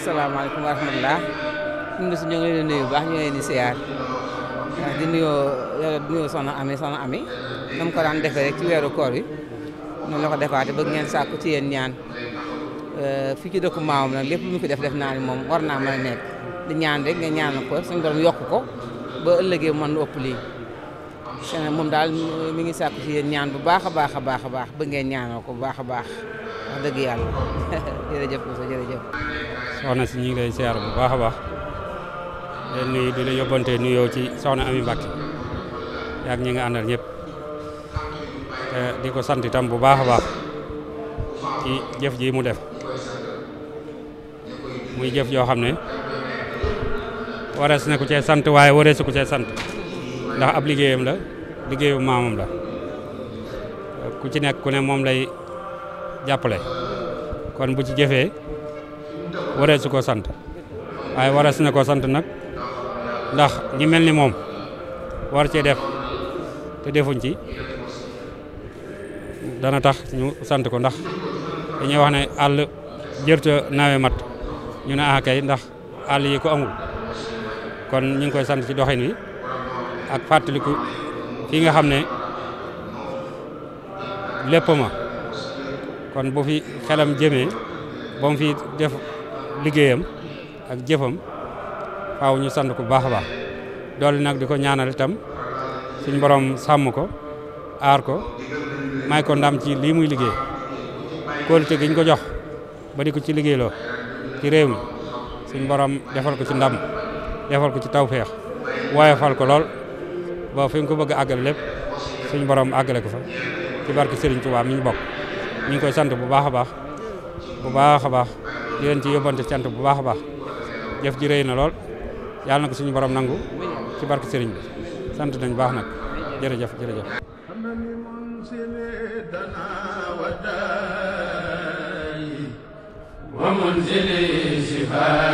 asalaamaaleykum wa rahmatulah ñun de ñoo ngi leen di nuyu bu baax ñu ngi leen di siyaar di nuyoo Ami soxna Ami na ko daan defee rek ci weeru koor yi noonu la defaat bëgg ngeen sàkku ci yéen ñaan euh, fii ci dëkku maamam nag lépp lu mu ko def def naa ni moom war naa mën a nekk di ñaan rek nga ñaanal ko suñu borom yokk ko ba ëllëgee mën ëpp lii. moom daal mi ngi sàkku ci yéen ñaan bu baax a baax a baax a baax bëgg ngeen ñaanal ko bu baax a baax. dëgg yàlla jërëjëf Moussa jërëjëf. soxna si ñu lay ziar bu baax a baax leen nuyu di la yóbbante nuyoo ci soxna Ami Mbacke ak ñi nga àndal ñëpp di ko sant tam bu baax a baax ci jëf ji mu def muy jëf joo xam ne warees na ku cee sant waaye wareesu ku cee sant ndax ab liggéeyam la liggéeyu maamam la ku ci nekk ku ne moom lay. jàppale kon bu ci jëfee waree su ko sant waaye waree su na ko sant nag ndax ñi mel ni moom war cee def te defuñ ci dana tax ñu sant ko ndax dañuy wax ne àll jërta naawe mat ñu ne ah kay ndax àll yi ko amul kon ñu ngi koy sant ci doxin wi ak fàttaliku fi nga xam ne lépp ma kon bu fi xelam jëmee ba fi def liggéeyam ak jëfam faaw ñu sant ko baax a baax doole nag di ko ñaanal itam suñ borom sàmm ko aar ko may ko ndam ci lii muy liggéey kóolute giñ ñu ko jox ba di ko ci liggéey loo ci réew mi suñ borom defal ko ci ndam defal ko ci tawféex waaye fal ko lool ba fi nga ko bëgg a àggale lépp borom àggale ko fa ci barke Serigne Touba mi ñu bokk. ñu ngi koy sant bu baax a baax bu baax a baax di leen ci yóbbante sant bu baax a baax jef ji rëy na lool yàlla na ko suñu borom nangu ci barke sëriñ bi sant nañ baax nag jërëjëf jërëjëf wa munzili shifa